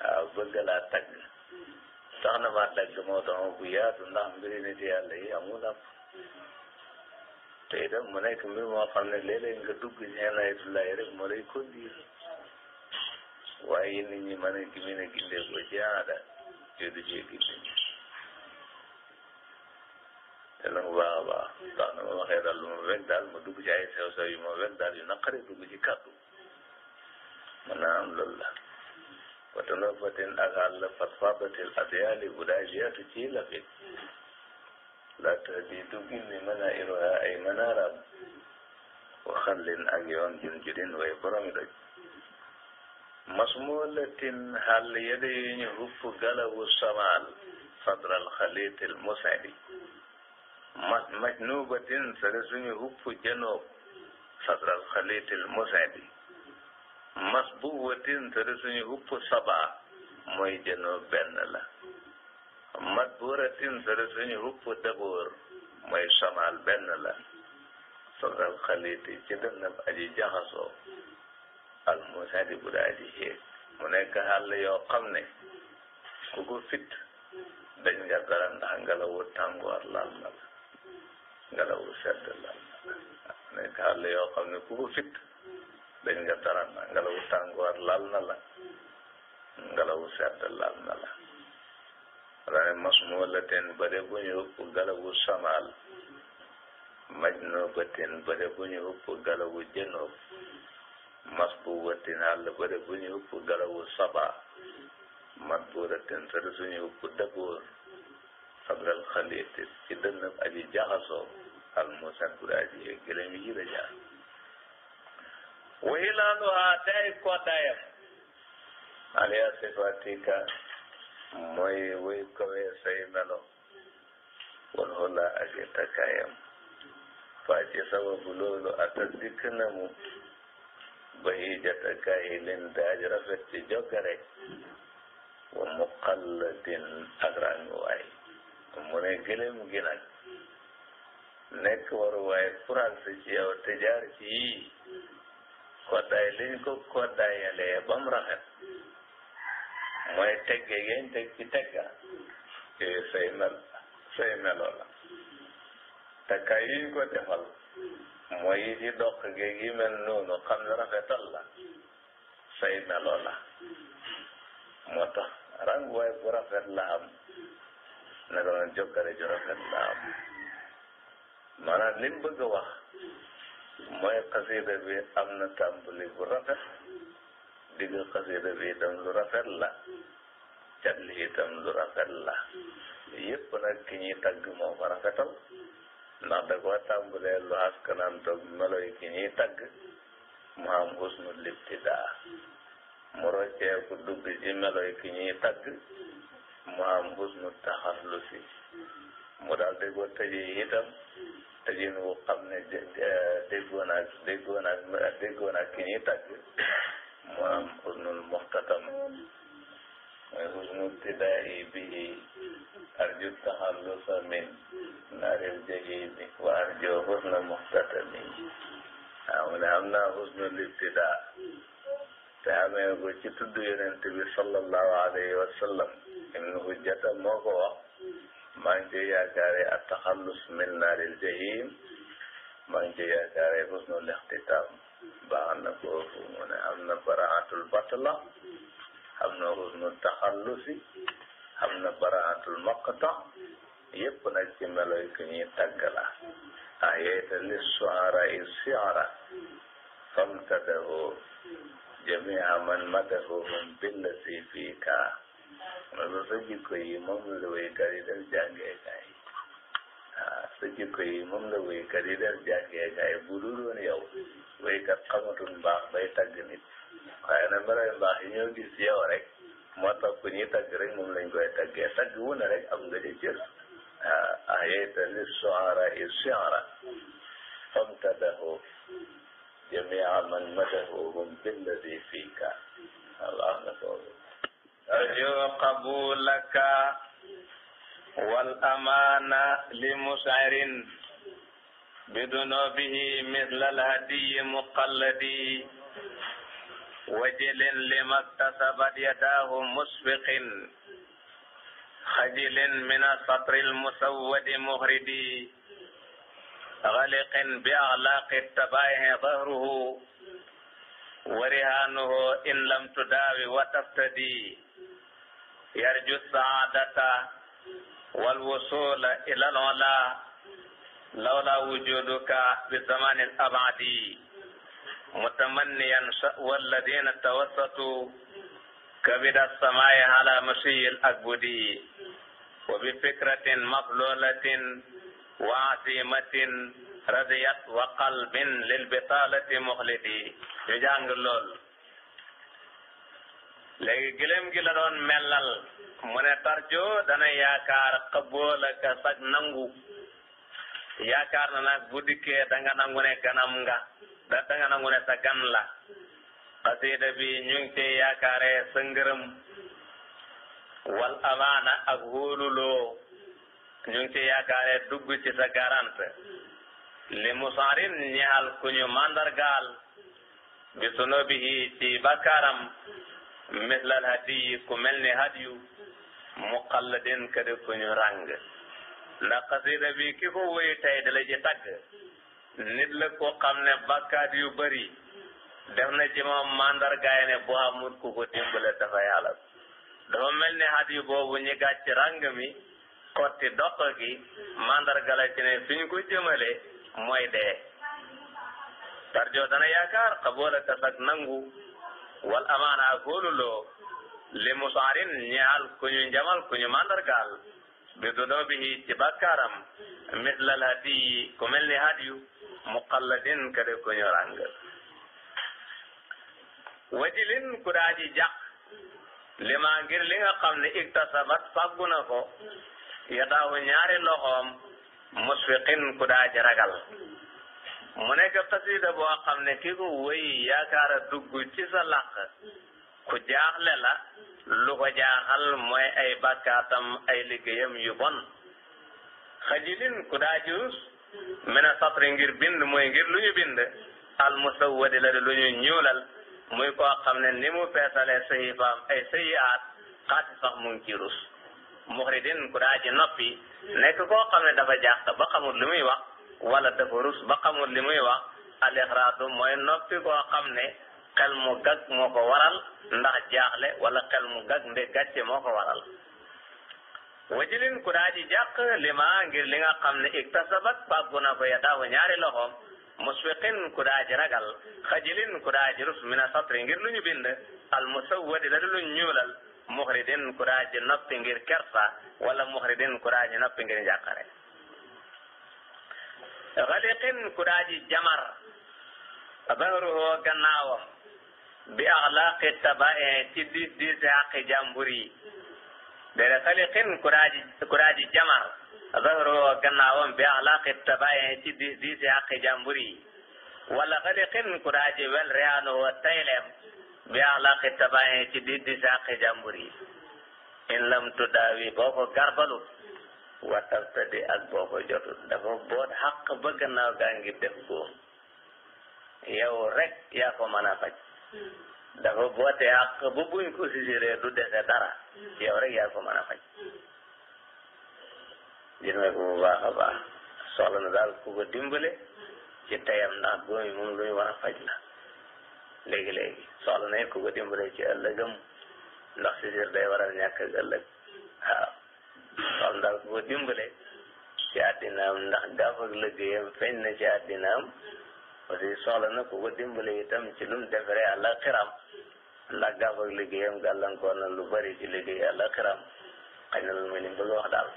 waaw bëgg laa tagg tax na ma tagg moo tax ma bu yaatu ndax mbiri nit yàlla yi amul am te itam mu nekk mbir moo xam ne léeg-léeg nga dugg ci lay rek moo lay conduire. waaye nit ñi mën a mën a gindee ko ci aada yooyu du cee gindee te loolu bu baax a baax tax na ma waxee daal lu ma wekk daal ma dugg ci ay sew la wata lafatin ak àll fatfatatil adyaali bu ci lafit la tahdi du gindi mën a iroha ay manaaraam waxal leen ak yoon jun judin way boromi doj masmulatin hal yadayni hupp galawu samal fadral xalitil musadi majnubatin sare suñu hupp janoob fadral xalitil musadi masbuwatin sare suñu hupp saba mooy janoob benn la matburatin sare suñu hupp daboor mooy samal benn la fadral xaliti ci dënnam aji jaxasoo al musaadi bu daa ji xeet mu nekk xàll yoo xam ne ku ko fit dañ nga dara ndax ngelawu tàngoor laal na la ngelawu sedd laal na la nekk xàll yoo xam ngelawu tàngoor laal na la ngelawu sedd laal na la rane masmoo la teen bare bu ñu ëpp ngelawu samaal maj noo ba teen bare bu ñu ëpp ngelawu jënoob masbuubatin àll ba de bu ñu upp galawu saba matbuuratin te de suñu upp dëboor sabral xaliiti ci dënnab aji jaxasoo al musan bu daa ji yee gëlëm yi la jaar wa hilaaluha tey koddaayam aliya sifatika mooy way kowee say melo wal hola aji takkaayam faa ci sababu loolu atal dikk na mu bahijata kaahilin di aji rafet ci jokkare wa muqalladin ak ràññuwaay mu ne gëlëm gi nag nekk waruwaay kural si ci yow te jaar ci yii koddaay liñ ko koddaayalee ba mu rafet mooy tegge ngeen teg ci tegga yooyu say mel say melo la te kaay yi ñu ko defal mooy yi ci doq géeg yi mel noonu xam ne rafetal la say melo la moo tax ranguwaay bu rafet la am naka noonu jokkale ju rafet la am maanaam li mu bëgg wax mooy xasida bi am na tàmbali bu rafet digg xasida bi itam lu rafet la cat li itam lu rafet la yépp nag ki ñuy tagg moo ko rafetal ndax da koo tàmbalee lu askanam toog meloy ki ñuy tagg mu am husnul ibtidaa mu rocceeku dugg ci meloy ki ñuy tagg mu am husnul taxallusi mu daal di ko tëjee itam tëjin wu xam ne déggoon ak déggoon ak déggoon ak ki ñuy tagg mu am husnul muxtatam mooy husnu ibtidaa'i bihi arju taxallusa min naaril jahimi wa arju husna muxtatami waaw mu ne am naa husnu ibtidaa te amee ko ci tudd yonent bi sallallahu alayhi wa sallam ibnu hujjata moo ko wax maa ngi ciy yaakaare a taxallus min naaril jahim maa ngi ciy yaakaare husnul ixtitaam baax na ko mu ne am na baraatul batla am na xusnu taxallusi am na baraatul maqta yëpp nag ci meloy ku ñuy tagg la ahyeeta li suhara i siara famtadahu jamia man madahum billati fiika loolu sa jikko yi moom la wéykat yi def jàngeekaay ah sa jikko yi moom la wéykat yow wéykat xamatul mbaax bay tagg nit waaye nag bala yu baax yi ñoo gis yow rek moo tax ku ñuy tagg rek moom lañ koy taggee tagg wu ne rek am nga ci cër ah yeyta li soara i soara famtadahu jamia man madahuhum billadi fiika allah na toogu arju qabulaka wal amana li musairin bidunobihi misla alhadiyi muqalladi wajilin limaktasabat yadaahu musfiqin xajilin min asatri almusawwadi muhridi xaliqin bi axlaaqi tabaahi dahruhu ورهانه إن لم تداوي وتفتدي يرجو السعادة والوصول إلى العلا لولا وجودك بالزمان الأبعد mutamanniyan walladina tawassatu kabida samaay ala masiyil akbudi wa bi fikratin mablulatin wa asimatin wa qalbin lil bitalati muxlidi ñu jàng lool léegi gëlëm gi la doon melal mu ne tarjo dana yaakaar xëbboo ka sag nangu yaakaar na nag bu dikkee nangu ne ganam nga ndax danga nangu ne sa gan la xasida bi ñu ngi cee yaakaare sa wal amaana ak wóoluloo ñu ngi ci yaakaare dugg ci sa garante li musaarin ñaal ku ñu mandargaal bi sunubihi ci bàkkaaram mislal hadiyi ku mel ni hadiyu muqalladin kadi ku ñu ràng ndax xasida bi ki ko wéy tey dala ci tagg nit la koo xam ne bakkaat yu bari def na ci moom mandargaay ne boo amul ku ko dimbale dafay xalal dafa mel ni xat yu boobu ñi gàcc ràng mi xotti doq gi mandarga la ci ne suñ ko jëmale mooy dee tarjo dana yaakaar xabool a tasak nangu wal amaana a góoluloo li musaarin ñaal ku njamal ku ñu mandargaal bi dunoo bi ci bakkaaram mislal hadiyi ku mel ni hadiyu muqalladin ka de ñu ràngal wajilin ku daa jàq li ngir li nga xam ne iktasabat fàggu na ko yadaahu ñaari loxoom musfiqin ku daa ragal mu nekk xasida boo xam ne ki ko wëy yaakaara dugg ci sa làq ku jaaxle la lu ko jaaxal mooy ay bàkkaatam ay liggéeyam yu bon xajilin ku daa mina satri ngir bind mooy ngir lu ñu bind al musawwadi la di lu ñu ñuulal muy koo xam ne ni mu peesalee sahifaam ay sayiaat xaati sax mu ngi ci rus muxridin ku daa ji noppi nekk koo xam ne dafa jaaxle ba xamul li muy wax wala dafa rus ba xamul li muy wax al ixraatu mooy noppi koo xam ne xel mu gag moo ko waral ndax jaaxle wala xel mu gag nde gàcce moo ko waral wajilin ku daa ji jàq li ma ngir li nga xam ne iktasabat fàggu na ko yadaahu ñaari loxoom musfiqin ku daa ragal xajilin ku daa ji rus mina satri ngir lu ñu bind al musawwadi la lu ñuulal muxridin ku daa ji noppi ngir kersa wala muxridin ku daa ji noppi ngir njàqare xaliqin ku daa ji jamar bahruhu gannaawam bi axlaaqi tabae ci diis diisi xaqi jàmbur yi dere xaliqin kuraaji kuraaji jama zahro gannaawam bi alaaqi tabaye ci di di si àqi jàmbur yi wala xaliqin kuraaji wel reyaanoo tayleem bi alaaqi tabaye ci di di si àqi jàmbur yi in lam tudaawi boo ko garbalu wa tabtadi ak boo ko jotul dafa boot xaq ba gannaaw gaa ngi def góom yow rek yaa ko mën a faj dafa boote àq bu buñ ko sisiree du dese dara yow rek yaa ko mën a faj jërme ko bu baax a baax soxla na daal ku ko dimbale ci tayam ndax doomi moom lu ñu a faj la léegi-léegi soxla na ku ko dimbale ci ëllëgam ndax sisir day waral ñàkk ak ëllëg waaw soxla na daal ku ko dimbale ci àddinaam ndax gaaf ak liggéeyam feeñ na ci àddinaam aussi soxla na ku ko dimbale itam ci lu mu defaree àllaaxiram ndax gaaf ak liggéeyam gàllankoor na lu bari ci liggéey àllaaxiram xaj na loolu mooy lim bëgg wax daal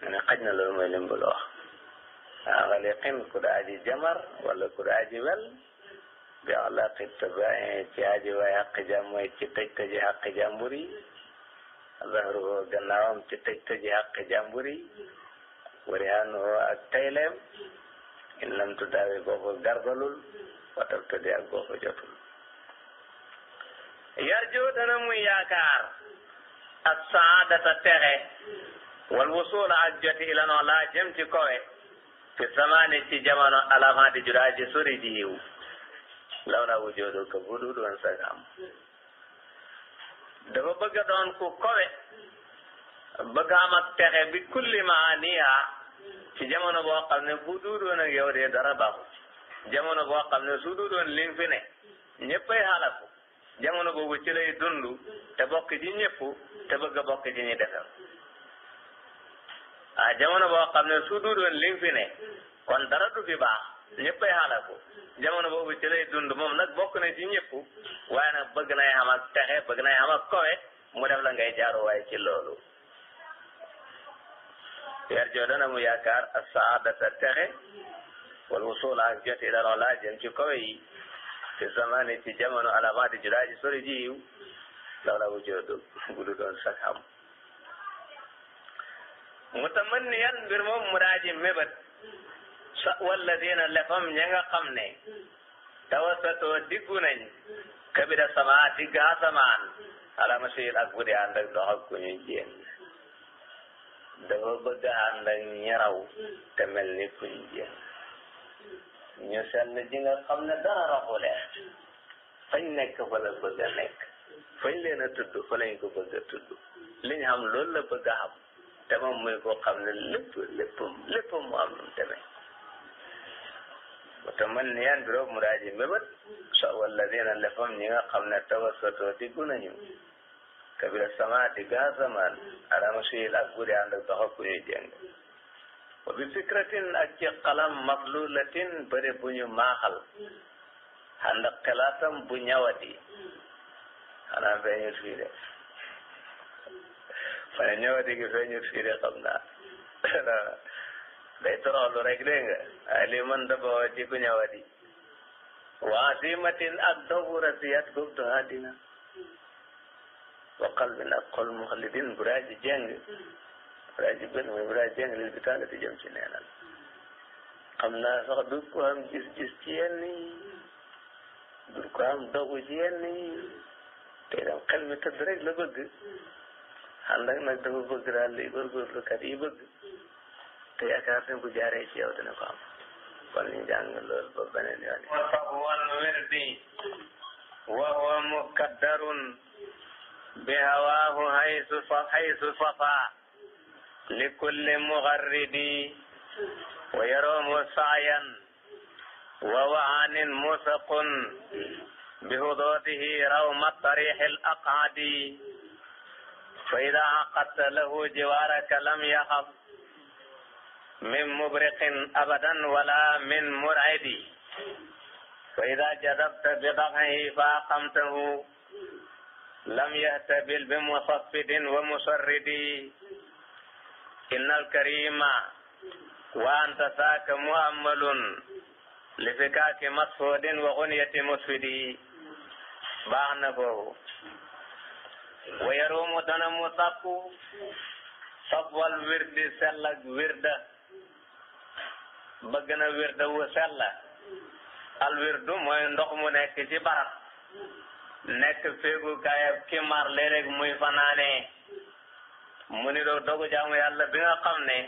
mu ne xaj na loolu mooy lim bëgg wax ah xale xin ku daa aji jamar wala ku daa aji wel bi àllaqi tabain ci aji waay xaqi jàmm mooy ci tëj tëji xaqi jàmbur yi zahru ko gannaawam ci tëj tëji xaqi jàmbur yi wari hanu ak tayleem in lam tuddaawi boo ko gargalul watal tëddi ak boo jotul yarju dana muy yaakaar ak saadata texe wal wusul ak joti ila noo laa ci kowe fi samaani ci jamono alama di juraaji sori ji yiw law la wujoodu ka bu du doon sag bëgga doon ku kowe bëgga am texe bi kulli maaniha ci jamono boo xam ne bu duudoon ak yow de dara baaxul jamono boo xam ne su duudoon li nga fi ne ñëppay xalaku jamono boobu ci lay dund te bokk ji ñëpp te bëgg a bokk ci ah jamono boo xam ne su duudoon li nga fi ne kon dara du fi baax ñëppay xalaku jamono boobu ci lay dund moom nag bokk na ci ñëpp waaye nag bëgg nay xam ak texe bëgg nay xam ak kowe mu def la ngay jaaruwaay ci loolu yarjoo dana mu yaakaar as-saadata texe wal wusul ak jot ila loola jëm ci kawe yi fi zamani ci jamono alamaati ju daaji sori ji yiw loola wujoodu bu du doon sax am mutamanniyan moom mu daaji mébét sa walladina lefam ña nga xam ne tawasatoo diggu nañ kabida sama digga asamaan ala masil ak bu dee ànd ak dox ak ku ñuy jéem dafa bëgg ànd ak ñi mel ni kuy jéem ñu seetlu ji nga xam ne dara raxu leen nekk fa la bëgg a nekk fañ leen a tudd fa lañ ko bëgg a tudd liñ xam loolu la bëgg a xam te moom muy koo xam ne lépp mu am lu mu demee te man yan biroo mu daal di mbébét so wala dina lefam ñi nga xam ne tawassatoo diggu nañu kabila sama ci gaasamaan alama suyil ak guddi ànd ak doxal ku ñuy jëng wa bi fikratin ak ci xalam maglulatin bëri bu ñu maaxal ànd ak xelaatam bu ñawati xanaa de fane ñawati gi feeñut fii de xam naa day toroxlu rek dégg nga waaye lii mën dabawoo ci ku ñawati wa asimatin dina wa qalbin ak xol muxallidin bu daa ji jeng bu daa ji gën mooy bu daa jeng lil bitaala ti jëm ci neenal xam naa sax du ko am gis-gis ci yenn yi du ko am dogu ci yenn yi te itam xel mi tëdd rek la bëgg ànd ak nag dafa bëgg daal li góorgóorlu yi bëgg te yaakaar ne bu jaaree ci yow dina ko am kon ñu jàng lool ba beneen yoon yi wa fahuwa al bi hawaahu haysu fa haysu safa li kulli mugarridi wa yarumu sa'yan wa waanin musaqun bi hududihi rawma tarihi al aqadi fa ida aqadta lahu jiwaaraka lam yaxaf min mubriqin abadan wala min mur'idi fa ida jadabta bi daqhihi fa aqamtahu lam yahtabil bi musaffidin wa musarridi innal karima wa anta saaka muammalun li fikaaki masfodin wa xunyati musfidi baax na boobu wa yarumu dana mu takku sobwal wirdi sell ak wirda bëgg na wirda wu sell al wirdu mooy ndox mu nekk ci barab nekk feegu kaayab ki mar léeg muy fanaane mu ni doo dogu jaamu yàlla bi nga xam ne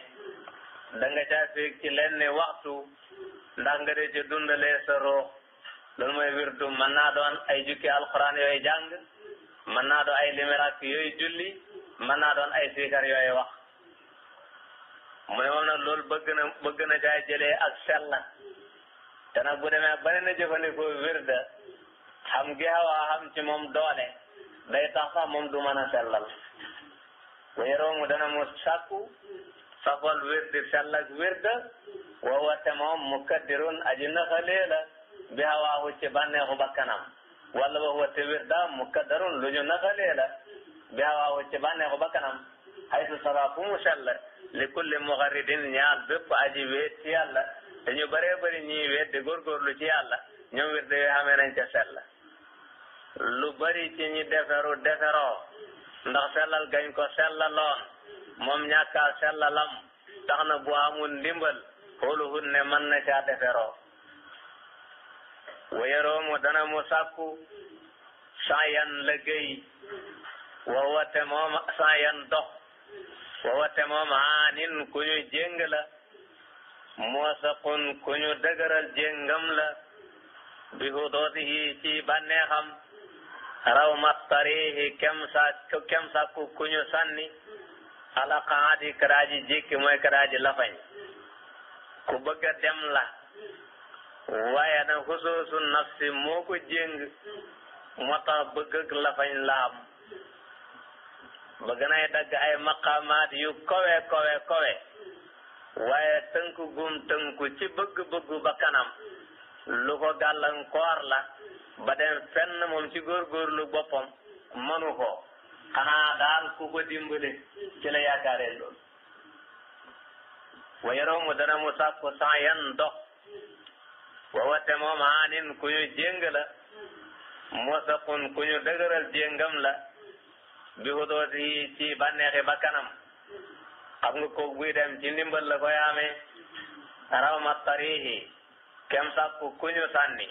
danga nga caa feeg ci lenn waxtu ndax nga dee ca dundalee sa ruux loolu mooy wirdu mën naa doon ay jukki alxuraan yooyu jàng mën naa doon ay limeraak yooyu julli mën naa doon ay siikar yooyu wax mu ne moom nag loolu bëgg na bëgg na caa jëlee ak sell te bu demee ba ne na jëfandikoo wirda xam gi xawa xam ci moom doole day tax moom du mën a sellal wéeroomu dana mu sàkku safal wirdi sell ak wirda wawa te moom mukaddirun aji naxalee la bi xawaahu ci bànneexu bakkanam walla wawa te wirda mukaddarun lu ñu naxalee la bi xawaahu ci bànneexu bakkanam haytu sara fu mu sell li kulli muxaridin ñaal bépp aji weet ci yàlla te ñu bëree ñii weet di góorgóorlu ci yàlla ñoom wirde yoo xamee nañ ca sell lu bari ci ñi deferu deferoo ndax sellal gañ ko sellaloon moom ñàkkaa sellalam tax na bu amul ndimbal xooluhun ne mën na caa deferoo wayaroomu dana mu sàkku saayan lëggéey wawate moom saayan dox wawate moom haanin ku ñu jéng la moosaqun ku ñu dëgëral jéngam la bi xudooti yi ci bànneexam raw ma tarihi kem saa kem saa ku kuñu sànni ala xaati karaaji jékki mooy karaaji lafañ ku bëgg dem la waaye nag xusuusu nafsi moo ko jéng moo tax bëgg lafañ laam bëgg nay dagg ay maqamaat yu kowe kowe kowe waaye tënku gum tënku ci bëgg-bëggu ba kanam lu ko gàllankoor la ba dem fenn moom ci góorgóorlu boppam manu ko xanaa daal ku ko dimbale ci la yaakaaree loolu wa yaroomu dana mu sàkku san yan dox wa watte moom aanin ku ñu jéng la mosaqun ku ñu dëgëral jéngam la bi xudooti ci bànneexi ba kanam xam nga ko buy dem ci ndimbal la koy amee raw ma tarihi kem sàkku ku ñu sànni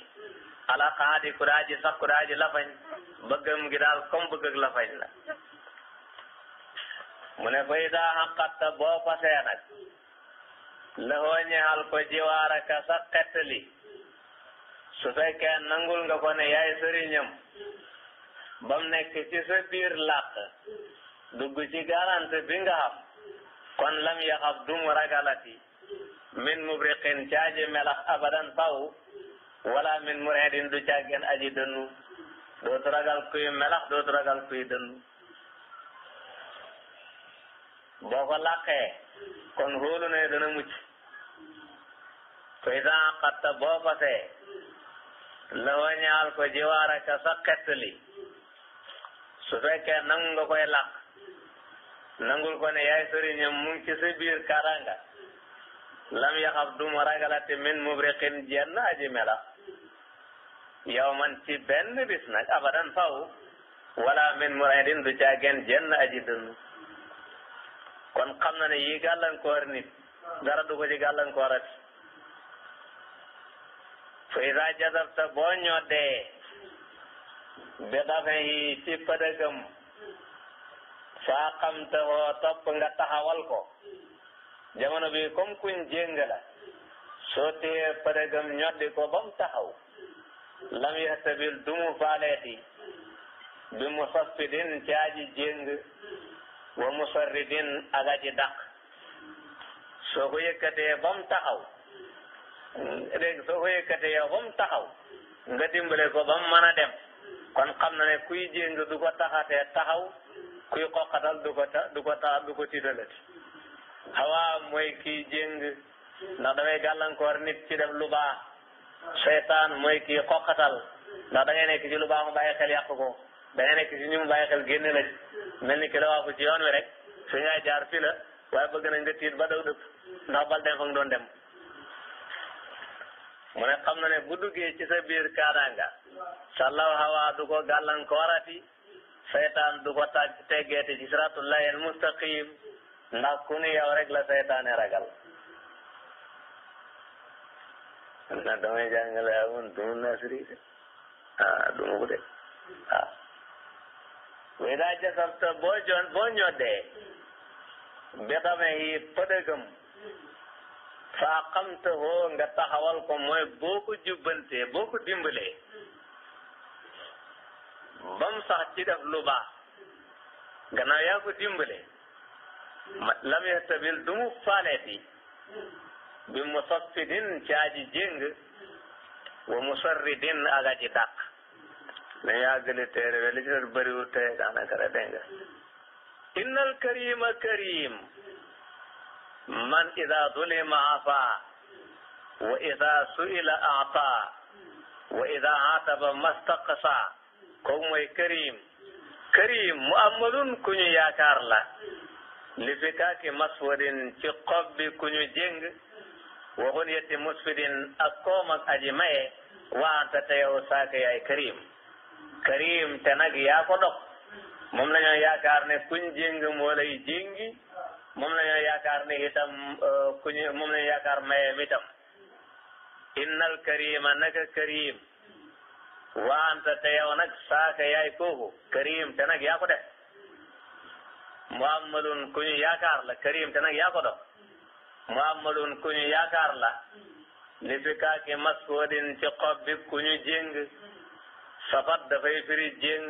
xalaqaa di ku daaji sax ku daaji lafañ bëggam gi daal comme bëggag lafañ mu ne fay daa xaqatta boo pasee nag lëxoo ñexal ko jiwaaraka sa xettali su fekkee nangul nga ko ne yaay sëriñam bam nekk ci sa biir làq dugg ci garante bi nga kon lam yaxaf dum ragalati min mubriqin caaji melax abadan faw wala min muridin du càggeen aji dënnu dootu ragal kuy melax dootu ragal kuy dënnu boo ko làqee kon hóolu ne dana mucc kuy saa xatta boo fasee la wañaal ko jiwaara ka sa xett li su fekkee nangu nga koy làq ko ne yaay sëriñam mu ci sa biir karanga lam yaxaf duma ragalati min mubriqin jenn aji melax yow man ci benn bis nag abadan faw wala min muridin du caageen jenn aji dënnu kon xam na ne yii gàllankoor nit dara du ko ci gàllankoorat fa ida jazabta boo ñoddee bi dafin yi ci pëdëgam saa xamte hoo topp nga taxawal ko jamono bi comme kuñ jéng la soo téye pëdëgam ñoddi ko ba mu taxaw lam yahtabil du mu faaleeti bi musaffidin ci aji jéng wa musarridin ak aji dàq soo ko yëkkatee ba mu taxaw léegi soo ko yëkkatee yow ba mu taxaw nga dimbale ko bam mu mën a dem kon xam na ne kuy jéng du ko taxatee taxaw kuy xoqatal du ko ta du ko ta du ko tiitalati xawaa mooy kiy jéng ndax damay gàllankoor nit ci def lu baax seytaan mooy kii xoqatal ndax da ngay nekk ci lu baax mu bàyyi xel yàq ko ci ñu mu bàyyi xel la ci mel ni ki la waafu ci yoon wi rek fi ngay jaar fi la bëgg nañ nga tiit ba daw dëpp ndax bal dem fa nga doon dem mu ne xam na ne bu ci sa biir kaadaanga sa law hawa du ko gàllankoorati seytaan du ko tàgg teggeeti ci siratullahi al mustaqim ndax ku ni yow rek la xam naa damay jàngale amoon du mu de ah du mu ko de ah we daa jasabta boo joon boo ñoddee bi xame yi pëdëgëm faa xamta hoo nga taxawal ko mooy boo ko jubbantee boo ko dimbalee ba mu sax ci def lu baax gannaaw yaa ko dimbalee lam yastabil bi musaffidin ci aji jéng wa musarridin ak aji dàq nañu àggali téere ba li ci doon bëriwul tey daanaka rek dégg nga innal karima karim man ida zulima afa wa ida suila ata wa ida ataba mastaqsa kooku mooy karim karim muhammadun ku ñu yaakaar la li fi kaaki maswadin ci xob bi ku ñu jéng wa xunyati musfidin ak koom ak aji maye waanta te yow saaka yaay karim karim te nag yaa ko dog moom la ñoo yaakaar ne kuñ jéng moo lay jéngi moom la ñoo yaakaar ne itam euh, kuñ moom la ñoo yaakaar mayeem itam innal karima naka karim waanta te yow nag saaka yaay kooku karim te nag yaa ko def muhammadun kuñu yaakaar la karim te nag yaa ko dog muhammadun ku ñu yaakaar la li fi kaaki masfoodin ci xob bi ku ñu jéng safat dafay firi jéng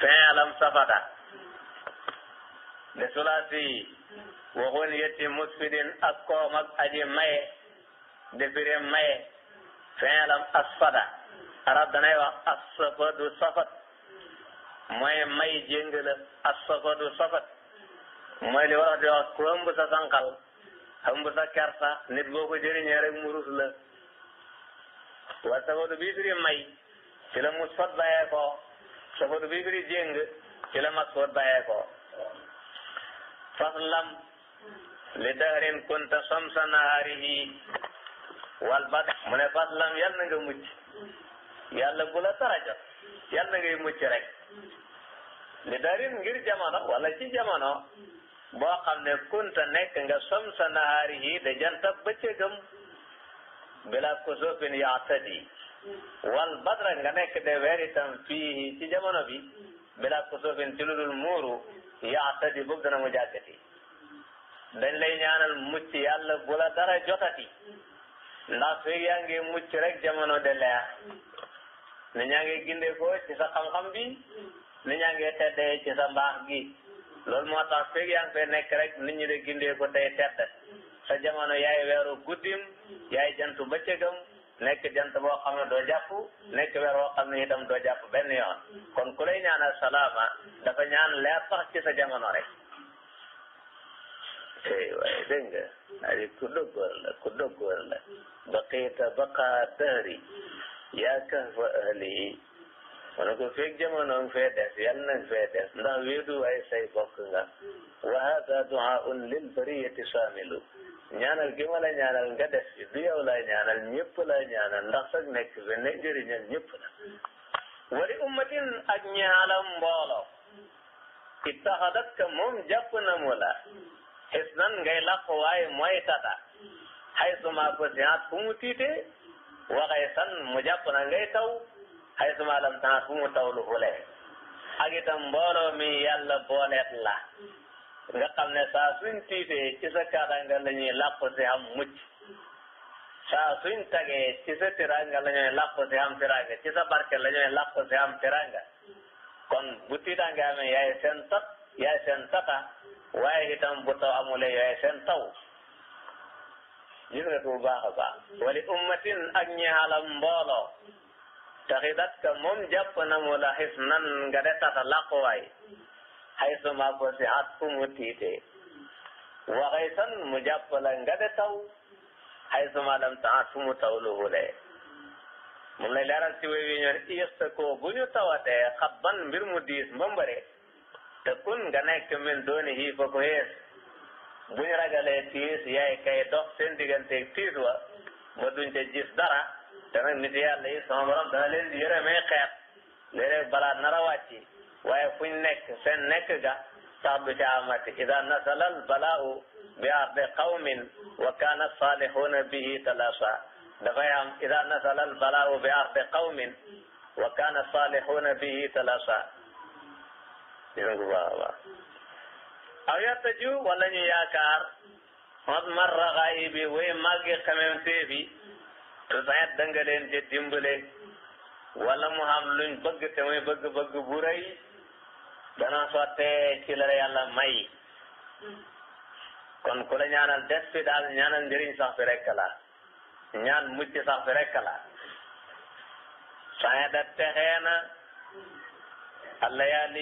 feelam safata li sulaasi yi waxoon yetti musfidin ak koom ak maye di maye feelam asfada arab danay wax safat mooy may jéng la asafadu safat mooy li wara di wax sa sanqal xam nga sa kersa nit boo ko jëriñee rek mu rus la wa sababu bii firi may ci la musfat bàyyee ko sababu bii firi jéng ci la masfat bàyyee ko faslam li dahrin kunta samsa nahaarihi wal bad mu ne faslam yal na nga mucc yàlla bu la tarajot yal na ngay mucc rek li dahrin ngir jamono wala ci jamono boo xam ne kunta nekk nga samsa nahaari yi de jantab bëccëgam bila kusufin yaatadi wal badra nga nekk de weer itam fii ci jamono bi bila kusufin ci lu dul muuru yaatadi bëgg dana mu jàkkati dañ lay ñaanal mucc yàlla bu la dara jotati ndax feeg yaa ngi mucc rek jamono de leer ni ñaa ngi gindee ko ci sa xam-xam bi ni ñaa ngi teddee ci sa mbaax gi loolu moo tax feeg yaa ngi nekk rek nit ñi de gindee ko day tedd sa jamono yaay weeru guddim yaay jantu bëccëgam nekk jant boo xam ne doo jàpp nekk weer boo xam ne itam doo jàpp benn yoon kon ku lay ñaanal salaama dafa ñaan leer sax ci sa jamono rek. tey waaye dégg nga ali ku doggoor la ku ma ko feeg jamonoom fee yal nañ fee ndax wéedu ay say bokk nga wa hada duaun lil bariyati saamilu ñaanal gi la ñaanal nga des fi du yow ñaanal ñëpp laay ñaanal ndax sax nekk fi ne njëriñal ñëpp la wali ak ñaalam mbooloo ittaxadat ka moom jàpp na mu la xis ngay làq waaye mooy tata xay suma ko siyaat fu waxay san mu ngay taw xay suma ta temps fu mu taw lu xule ak itam mbooloo mi yàlla booleet la nga xam ne saa suñ tiitee ci sa kaaranga la ñuy làpp si am mucc saa suñ tagee ci sa tiranga la ñuy làpp si am tiranga ci sa barke la ñuy làpp si am tiranga kon bu tiitaange amee yaay seen tat yaay seen tata waaye itam bu taw amulee yaay seen taw gis nga bu baax a baax wali ummatin ak ñeexalam mbooloo taxidat ka moom jàpp na mu la xis nan nga de tata làquwaay xay suma ko si at fu mu tiitee waxay san mu jàpp la nga de taw xay suma lam ta at fu mu taw lu hulee moom lay leeral ci wéy wi ñoon iyësta koo bu ñu tawatee xabban mbir mu diis mbambare te kun nga nekk min dooni hii fa ko xees bu ñu ragalee tiis yaay kay dox seen digganteeg tiis wa ba duñ ca gis dara te nag nit yàlla yi sama borom dana leen di yërëmee xeet léeg-léeg balaa nar a wàcci waaye fuñ nekk seen nekk ga sax du ca amati ida nasalal balaahu bi ardi qawmin wa kaana saalihuna bihi talasa dafay am ida nasalal balaahu bi ardi qawmin wa kaana saalihuna bihi talasa dingu baax a baax aw yattaju wala ñu yaakaar hot marraxa yi bi way màggi xamemtee bi te saxet danga leen ca wala mu xam luñ bëgg te muy bëgg-bëgg bu rëy dana sottee ci la yàlla may kon ku la ñaanal des fi daal ñaanal njëriñ sax fi ñaan mucc sax fi rekk la saxet a texee na alla yaa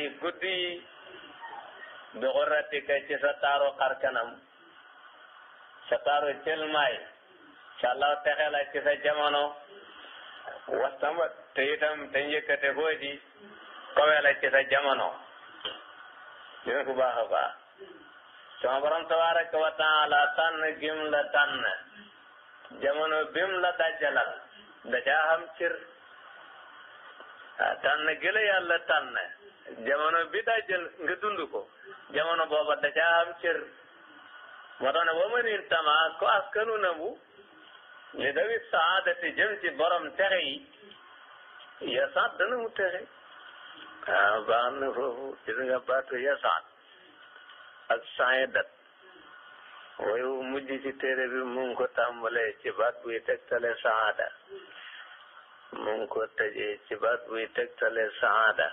ci sa taaru xar kanam sa taaru cëlmaay incha allah texe la ci sa jamono wasama te itam te njëkkate koo ji kawe la ci sa jamono dina ko baax a baax sama borom tabaraka wa taala tànn gim la tànn jamono bim la dajalal dajaa xam cir tànn gi la yàlla tànn jamono bi dajal nga dund ko jamono booba dajaa xam cir moo tax ne wa manin tama ko askanu namu li dawi saadati jëm ci borom texe yi yasaat dana mu texe ah baax na foofu gis nga baatu yasaat ak saadat way wu mujj ci téere bi mu ngi ko tàmbalee ci baat buy tegtale saada mu ngi ko tëjee ci baat buy tegtale saada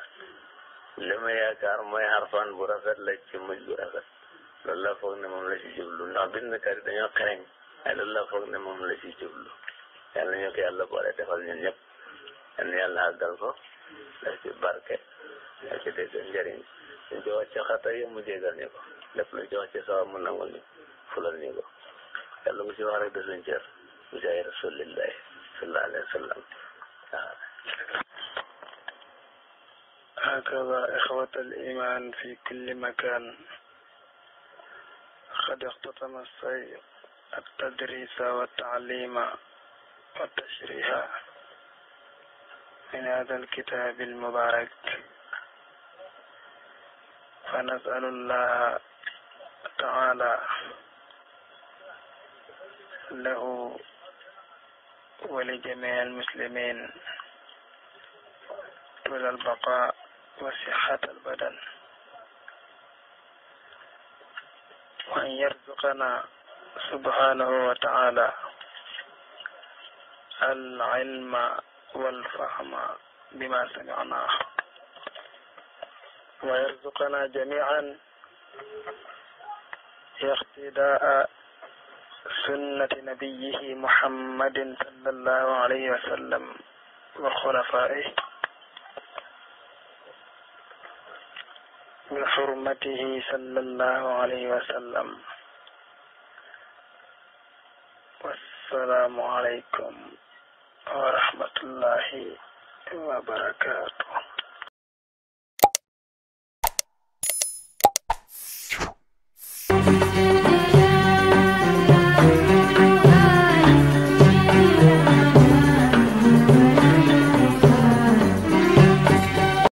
li ma yaakaar mooy harfan bu rafet la ci mujj bu rafet loolu la foog ne moom la ci jublu ndax bind kat yi dañoo xereñ loolu la foog ne moom la ci jublu yàlla ñu ko yàlla boole defal ñun ñëpp yal na yàlla àggal ko ci barke def ci dégg njëriñ suñ ci wàcce xata yëpp mu jégal ñu ko lépp luñ ci wàcce sawa mu nangul ñu fulal ñu ko yàlla bu ci wax rek de suñ cër mu jaay rasulillahi sallallahu alayhi wa sallam waaw هكذا إخوة الإيمان في كل مكان قد اختتم السير التدريس والتعليم والتشريح من هذا الكتاب المبارك فنسأل الله تعالى له ولجميع المسلمين طول البقاء وصحة البدن وأن يرزقنا subhanahu wa taala al ilma wal fahma bima samicna wa yarzuqana jamian iqtidaa sunnati nabiyihi muhammadin sallallahu alayhi wa sallam wa xulafaihi bi xurmatihi sallallahu alayhi wa sallam assalaamu aleykum wa rahmatullahi wa barakaatu